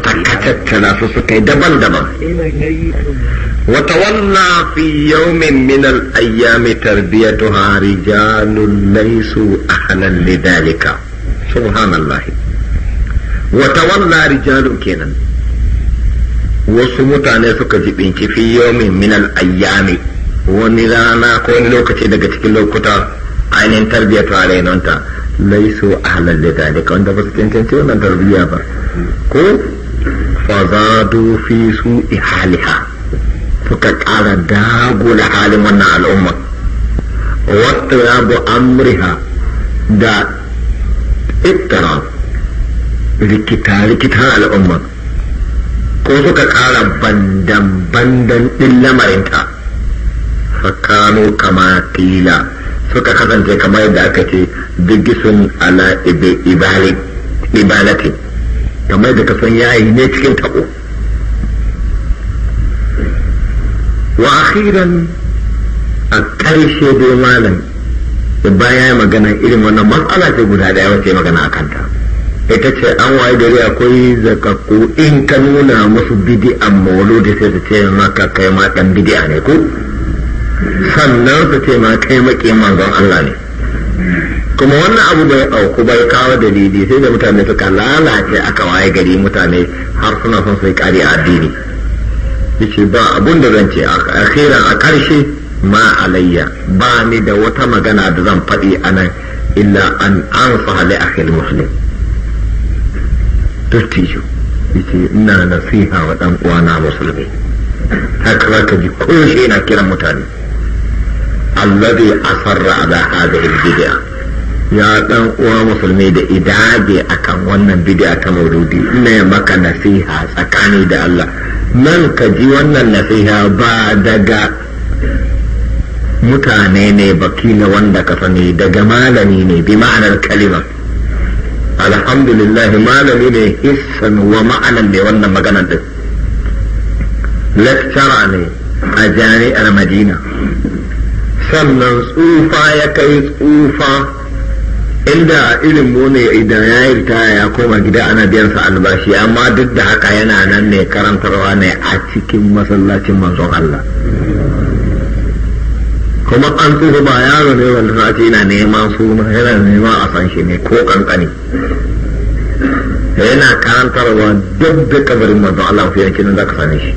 aka tattara su suka yi daban-daban watawalla fi yawmin min al-ayyami tarbiyatuha rijalun laysu ahlan lidhalika subhanallah kenan wasu mutane suka jibinci fi yawmin min al-ayyami wani rana ko wani lokaci daga cikin lokuta ainihin tarbiyatu a rainonta laisu ahlan wanda ba su cancanci wannan tarbiyya ba ko fazadu fi su ihaliha suka ƙara dagula halin wannan al'umma wata yabo amriha da ittara rikita-rikitan al'umma ko suka ƙara bandan-bandan ɗin lamarinta fakano kama tila suka kasance kamar yadda aka ce bigisun ala ibalatin kamar da ka san yayi ne cikin tabo wa akhiran a ƙarshe dai malam da baya ya magana irin wannan matsala ce guda daya wacce magana a kanta ita ce an waye gari akwai zakakku in ka nuna musu bidi'an da sai su ce maka kai ma dan bidi'a ne ko sannan su ce ma kai maƙi manzon Allah ne kuma wannan abu bai auku bai kawo dalili sai da mutane suka lalace aka waye gari mutane har suna son su yi kari addini yace ba abun da zan ce akhira a karshe ma alayya ba ni da wata magana da zan faɗi anan illa an ansaha li akhil muslim dattijo yace ina nasiha wa dan uwana musulmi haka zaka ji ko shi na kiran mutane alladhi asarra ala hadhihi al-bid'ah ya dan uwa musulmi da idaje akan wannan bid'a ta maududi ina maka nasiha tsakani da Allah nan ka ji wannan nasiha ba daga mutane ne baki bakila wanda ka sani daga malami ne bi ma'anar kalima alhamdulillah malami ne hissan wa ma'anan ne wannan maganar din lecturer ne a jami'ar madina sannan tsufa ya kai tsufa inda irin mu ne idan ya yi ritaya ya koma gida ana biyan sa albashi amma duk da haka yana nan ne karantarwa ne a cikin masallacin manzon Allah kuma an tsufa ba yaro ne wanda za ce yana neman suna yana neman a san shi ne ko kankani yana karantarwa duk da kabarin manzon Allah fiye kinan da ka same shi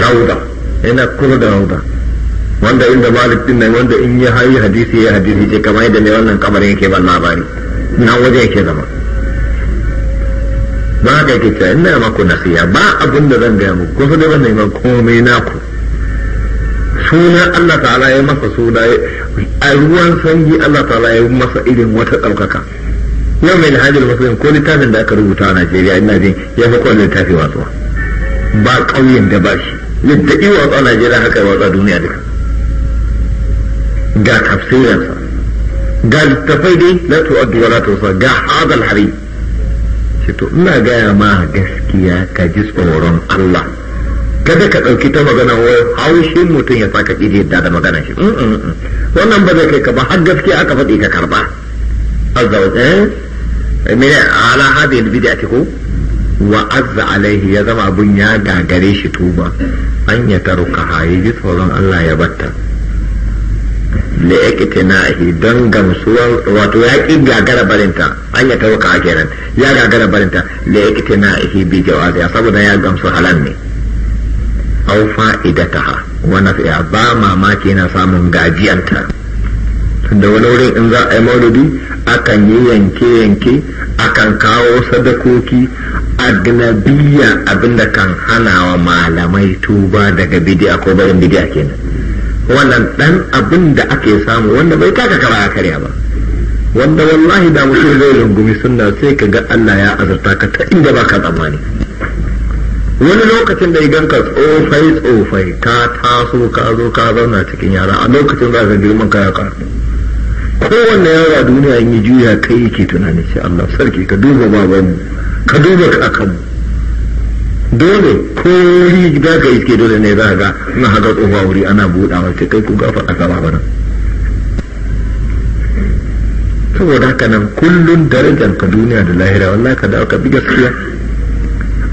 rauda yana kuma da rauda wanda inda malik din nan wanda in ya hayi hadisi ya hadisi ce kamar yadda mai wannan kamar yake ban labari na waje yake zama ba ga yake cewa ina maku nasiya ba abin da zan gaya muku kusa da ban neman komai naku suna Allah ta'ala ya masa suna a ruwan sanyi Allah ta'ala ya masa irin wata ɗaukaka yau mai hajjar musulun ko littafin da aka rubuta a Najeriya ina jin ya fi kowane littafi watsuwa ba ƙauyen da ba shi yadda iwa a Najeriya haka watsa duniya duka ga tafsirinsa ga littafai dai na tu'addu wa la ga hadal hari shi to ina gaya ma gaskiya ka ji tsoron Allah kada ka ɗauki ta magana wa haushin mutum ya saka ka yadda da magana shi wannan ba zai kai ka ba har gaskiya aka faɗi ka karba azza wa eh mene ala ko wa azza alaihi ya zama abun ya gagare shi tuba an ya taruka yi ji tsoron Allah ya batta da ya kice na don gamsuwar wato ya ƙi gagara barinta an ya tauka kenan ya gagara barinta da ya kice na bi jawabiya saboda ya gamsu halan ne au ha wa nafi'a ba mamaki yana samun gajiyanta da wani wurin in za a yi mauludi akan yi yanke-yanke akan kawo sadakoki agnabiya abinda kan hana wa malamai tuba daga bidiya ko barin bidiya kenan wannan dan abin da ake samu wanda bai taka kara karya ba wanda wallahi da mutum zai rungumi sunna sai ka ga Allah ya azurta ka ta inda baka tsammani wani lokacin da idan ka tsofai tsofai ka taso ka zo ka zauna cikin yara a lokacin za ka girman ka ya kowanne yaro a duniya in yi juya kai yake tunanin sai Allah sarki ka duba babanmu ka duba kakanmu dole ko wuri za ka iske dole ne za ga na haka kofa wuri ana wa ce kai ku gafa a ba bana saboda haka nan kullum darajar ka duniya da lahira wallahi ka dawo ka bi gaskiya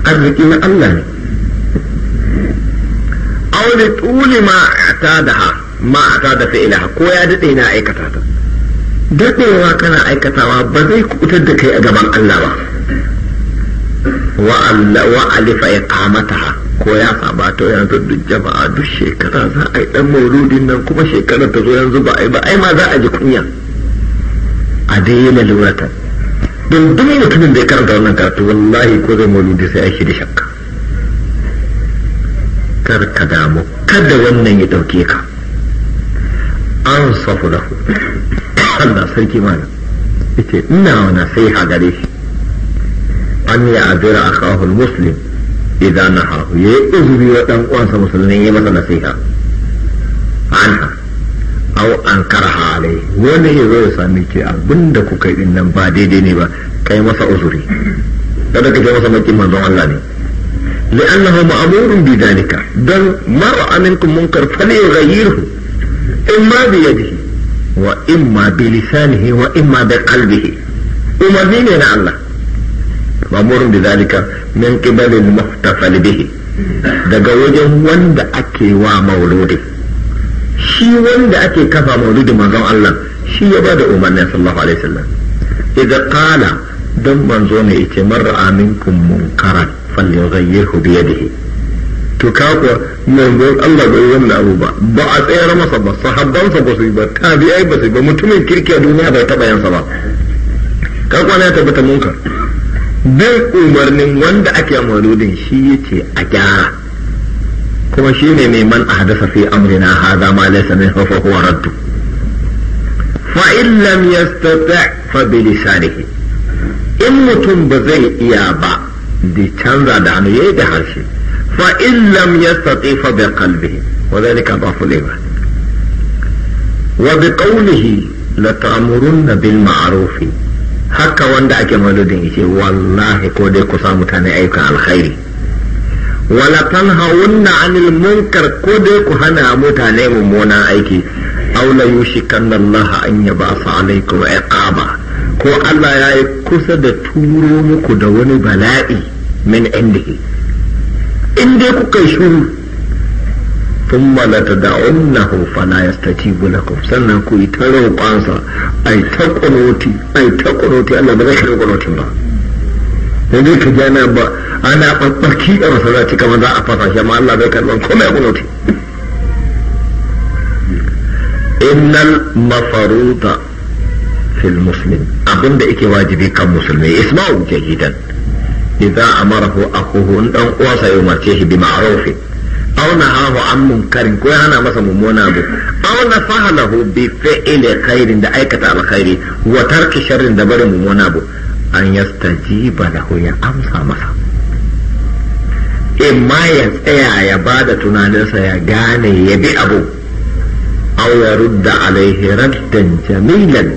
arziki na Allah ne aure tuli ma ta da ha ma ta da Ilaha ko ya dade na aikata ta dadewa kana aikatawa ba zai kubutar da kai a gaban Allah ba wa'alifa ya kamata ko ya saba ya yanzu duk jama'a duk shekara za a yi dan mauludin nan kuma shekarar ta zo yanzu ba a yi ba ai ma za a ji kunya a dai lura ta. don duk mutumin da ya karanta wannan karatu wallahi ko zai mauludi sai aiki da shakka kar ka damu kada wannan ya dauke ka an safu lahu Allah sarki mana ina wani sai ha gare shi an ya ajira a kawafin muslim idan na haku ya yi izubi wa ɗan uwansa musulmi ya masa nasiha an au an kara halai wani ya zo ya sami ke abinda kuka yi nan ba daidai ne ba kai masa uzuri da daga kai masa makin manzon Allah ne li'annahu ma'murun bi dalika dan mar aminkum munkar falyughayyirhu imma bi yadihi wa imma bi lisanihi wa imma bi qalbihi umarni ne na Allah mamur bi zalika min qibal al bihi daga wajen wanda ake wa mauludi shi wanda ake kafa mauludi manzon Allah shi ya bada umarni sallallahu alaihi wasallam idan qala dan manzo ne yace man ra'a minkum munkaran falyughayyirhu bi yadihi to ka kuwa manzon Allah bai wanda abu ba ba a tsayar masa ba sa ba su yi ba tabi'ai ba su ba mutumin kirki a duniya bai taɓa yansa ba ka kuwa ya tabbata munkar bin umarnin wanda ake mauludin shi yace a gyara kuma shi ne mai man ahdasa fi amrina hadha ma laysa min fa huwa radd fa in lam yastata' fa bi lisanihi in mutum ba zai iya ba da canza da hannu yayi da harshe fa in lam yastati fa bi qalbihi wa dalika dafu al wa bi qawlihi la ta'murunna bil ma'rufi haka wanda ake mauludin yace wallahi ko dai ku sa mutane ayyukan alkhairi wala tanhawunna anil munkar ko dai ku hana mutane mummunan aiki aw la yushikanna Allah an fa alaykum iqaba ko Allah ya yi kusa da turo muku da wani bala'i min indihi in dai kuka shuru thumma latad'unnahu fala yastajibu lakum sannan ku yi ta roƙonsa ai ta kunoti ai ta kunoti Allah ba zai shi kunotin ba dan dai ka jana ba ana babbarki a masallaci kamar za a fasa shi amma Allah bai karban komai kunoti innal mafaruda fil abin da yake wajibi kan musulmi isma'u jahidan a amarahu akhuhu dan uwa ya umarce shi bi ma'ruf auna hahu an munkarin ko ya hana masa mummuna abu auna fahalahu bi fi'li khairin da aikata alkhairi wa tarki sharrin da bari mummuna abu an yastajiba lahu ya amsa masa in ma ya tsaya ya bada da tunaninsa ya gane ya bi abu aw ya rudda alaihi raddan jamilan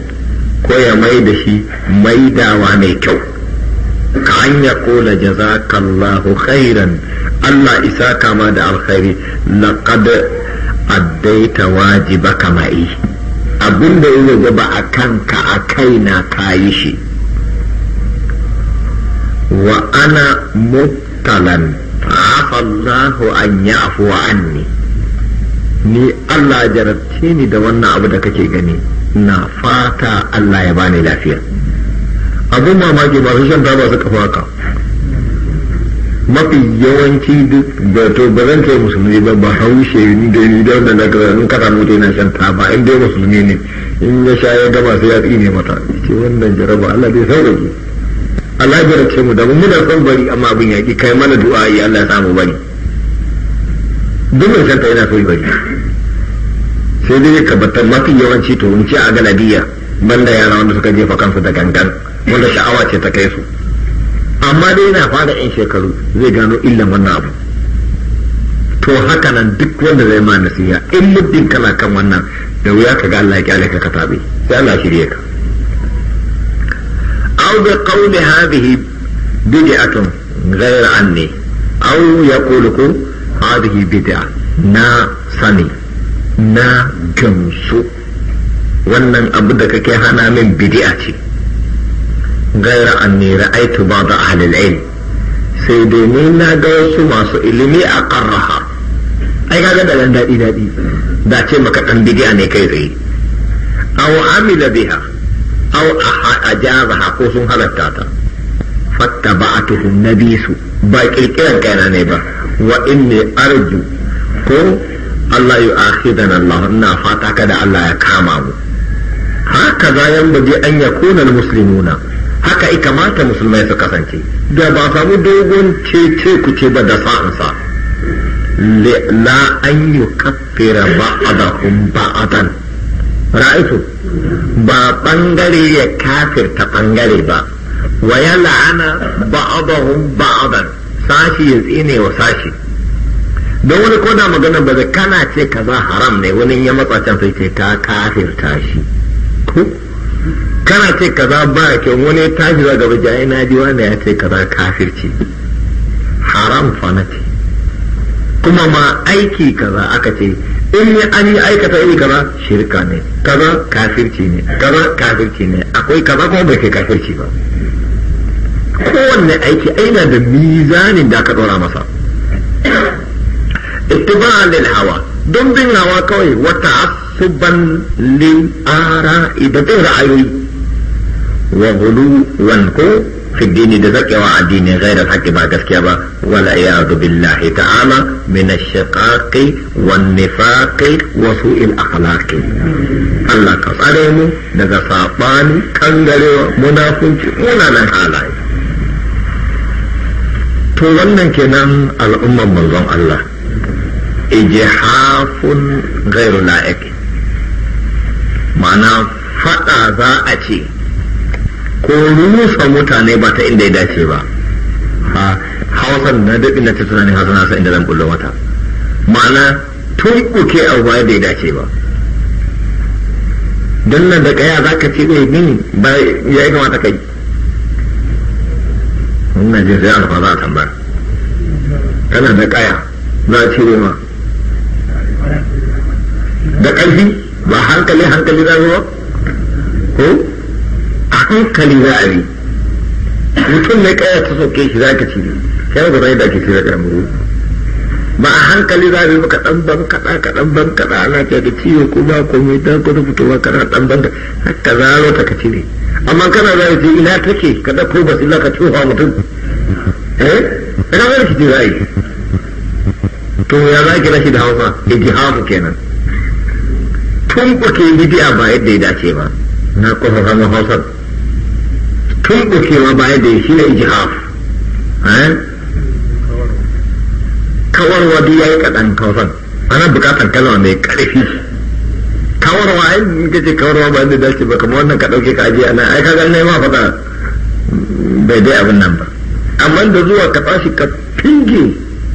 ko ya mai da shi maidawa mai kyau ka an ya kula jazakallahu khairan Allah isa kama da alkhairi laqad addaita kama yi. abinda ya gaba a kanka a na kayi shi wa ana mubtalan afa Allahu an ya'fu anni ni Allah jarabce ni da wannan abu da kake gani na fata Allah ya bani lafiya abin mamaki masu shan taba su kafa ka mafi yawanci duk da to ba zan ce musulmi ba ba haushe ni da ni da wanda daga in kada mutu yana shan taba in dai musulmi ne in ya sha ya gama sai ya tsine mata ce wannan jaraba Allah bai sauƙaƙe Allah ya rake mu da mu muna son bari amma bin ya ki kai mana du'a yi Allah ya samu bari duk mai shanta yana so bari sai dai ka kabatar mafi yawanci to in ce a galadiya banda yara wanda suka jefa kansu da gangan wanda sha'awa ce ta kai su amma dai yana fara yan shekaru zai gano illan wannan abu to haka nan duk wanda zai ma nasiha in muddin kana kan wannan da wuya ka ga Allah ya kyale ka ka tabe sai Allah shirye ka aw bi qawli hadhihi bid'atun ghayra anni aw yaqulu ku hadhihi bid'a na sani na gamsu wannan abu da kake hana min bid'a ce غير أني رأيت بعض أهل العلم سيدني لا دوس ما سئلني أقرها أي هذا بلان دادي دادي داتي مكتن بدياني كيري أو عمل بها أو أجازها قوسم التاتا فاتبعته النبي بايك الكلام كان نيبا وإني أرجو كن الله يؤاخذنا الله إنا فاتك الله يكامعه هكذا ينبغي أن يكون المسلمون haka i kamata musulmai su kasance da ba samu dogon cece ku ce ba da sa'ansa la an yi kafira a da ra'isu ba bangare ya kafir ta bangare ba wa ya la'ana a dan sashi ya tsine wa sashi don wani koda magana ba zai kana ce kaza haram ne wani ya matsa can sai ce ka kafirta shi kana ce kaza ba kyau wani ya tashi za gaba jaye na ji wanda ya ce kaza kafirci haram fanati kuma ma aiki kaza aka ce in an yi aikata iri kaza shirka ne kaza kafirci ne kaza kafirci ne akwai kaza kuma bai kai kafirci ba kowanne aiki aina da mizanin da aka dora masa ittiba'an lil hawa don bin hawa kawai wata asuban lil ara idan ra'ayoyi وغلو وانكو في الدين دفك وعدين غير الحق بعد كيابا والعياذ بالله تعالى من الشقاق والنفاق وسوء الأخلاق الله كفرهم دقا ساطان كنغلو منافق ولا من حاله wannan كنان الأمم manzon Allah ijihafun gairu la'ik ma'ana fada za a ko rusa mutane ba ta inda ya dace ba hausan na daɗin na ta tunanin hausa na inda zan kulle mata ma'ana tun kuke a ruwa da ya dace ba don nan da kaya za ka ce ɗaya eh, bin ba ya yi kamata kai wannan jin sai alfa za a tambar kana da kaya za a cire ma da ƙarfi ba hankali hankali za zuwa hankali za a yi mutum ne kaya ta sauke shi za ka ci ne kai ba zai da ke ci da karamu ba a hankali za a yi maka ɗan ban kada kadan ban kaɗa ana ce da ciwo ko ba ko mai ta ko fitowa kana ɗan ban haka zaro ta ka ci ne amma kana za ce ina take ka da ko basila ka wa mutum eh ina zai ci za yi to ya za ki rashi da hausa ijhamu kenan tun ba ke bidiya ba yadda ya dace ba na kofa samun hausar tun tumɓukewa baya da shi na ijihaf eh? kawarwa duk ya yi kaɗan kawasan ana bukatar kalma mai ƙarfi kawarwa ai in ita ce kawarwa ba da dace ba kamar wannan ka ɗauke ka ajiye ana ai kaga nai ma faɗa bai dai abin nan ba amma da zuwa ka tashi ka finge